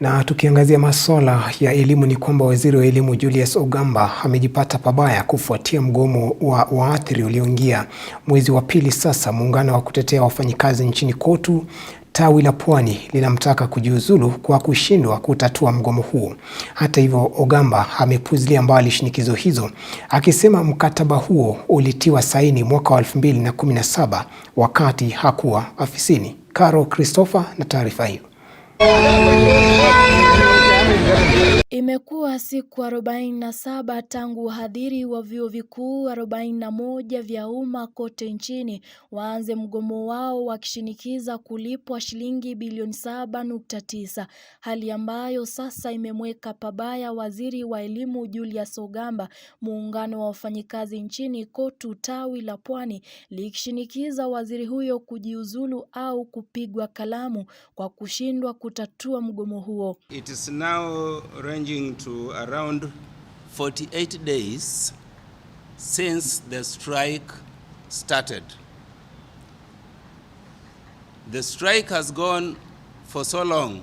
Na tukiangazia masuala ya elimu ni kwamba waziri wa elimu Julius Ogamba amejipata pabaya kufuatia mgomo wa waathiri ulioingia mwezi wa pili sasa. Muungano wa kutetea wafanyikazi nchini KOTU tawi la Pwani linamtaka kujiuzulu kwa kushindwa kutatua mgomo huo. Hata hivyo, Ogamba amepuzilia mbali shinikizo hizo, akisema mkataba huo ulitiwa saini mwaka wa 2017 wakati hakuwa afisini. Caro Christopher na taarifa hiyo. 哦。Imekuwa siku 47 tangu wahadhiri wa vyuo vikuu 41 vya umma kote nchini waanze mgomo wao wakishinikiza kulipwa shilingi bilioni 7.9, hali ambayo sasa imemweka pabaya waziri wa elimu Julius Ogamba. Muungano wa wafanyikazi nchini KOTU tawi la Pwani likishinikiza waziri huyo kujiuzulu au kupigwa kalamu kwa kushindwa kutatua mgomo huo. It is now ranging to around 48 days since the strike started. The strike has gone for so long.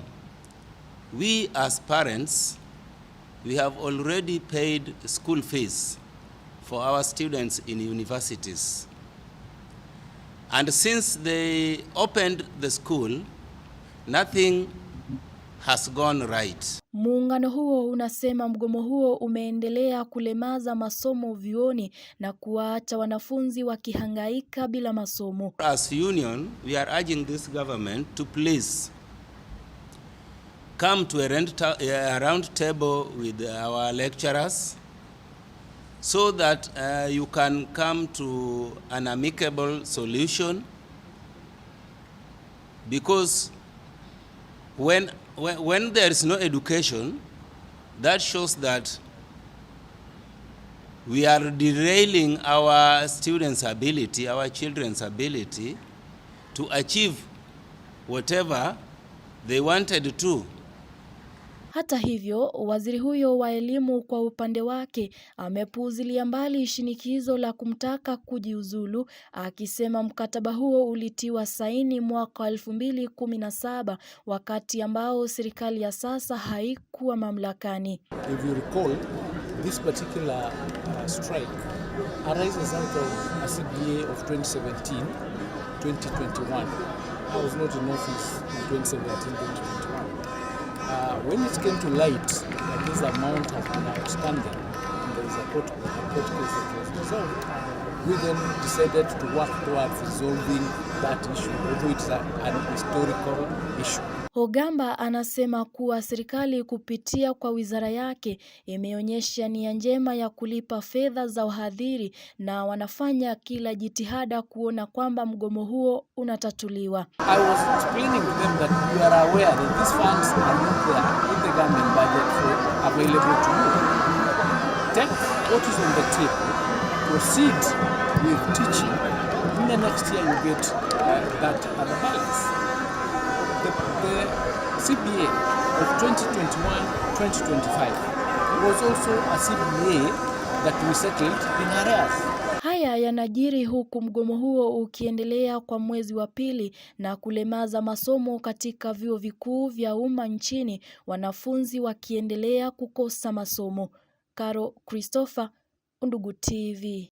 We, as parents, we have already paid school fees for our students in universities. And since they opened the school, nothing has gone right. Muungano huo unasema mgomo huo umeendelea kulemaza masomo vioni na kuwaacha wanafunzi wakihangaika bila masomo. As union, we are urging this government to please come to a round table with our lecturers so that uh, you can come to an amicable solution because when, when, when there is no education, that shows that we are derailing our students' ability, our children's ability to achieve whatever they wanted to. Hata hivyo, waziri huyo wa elimu kwa upande wake amepuuzilia mbali shinikizo la kumtaka kujiuzulu, akisema mkataba huo ulitiwa saini mwaka 2017 wakati ambao serikali ya sasa haikuwa mamlakani. If you recall, this particular uh, strike arises out of a CBA of 2017 2021. I was not in office in 2017 2021. Uh, when it came to light that this amount has been outstanding, and there is a court, a court case that was resolved, we then decided to work towards resolving that issue, although it's a, an historical issue. Ogamba anasema kuwa serikali kupitia kwa wizara yake imeonyesha nia njema ya kulipa fedha za wahadhiri na wanafanya kila jitihada kuona kwamba mgomo huo unatatuliwa. Proceed with teaching. In the next year you get, uh, that other balance the CBA of 2021-2025 It was also a CBA that we settled in arrears. Haya yanajiri huku mgomo huo ukiendelea kwa mwezi wa pili na kulemaza masomo katika vyuo vikuu vya umma nchini, wanafunzi wakiendelea kukosa masomo. Caro Christopher, Undugu TV.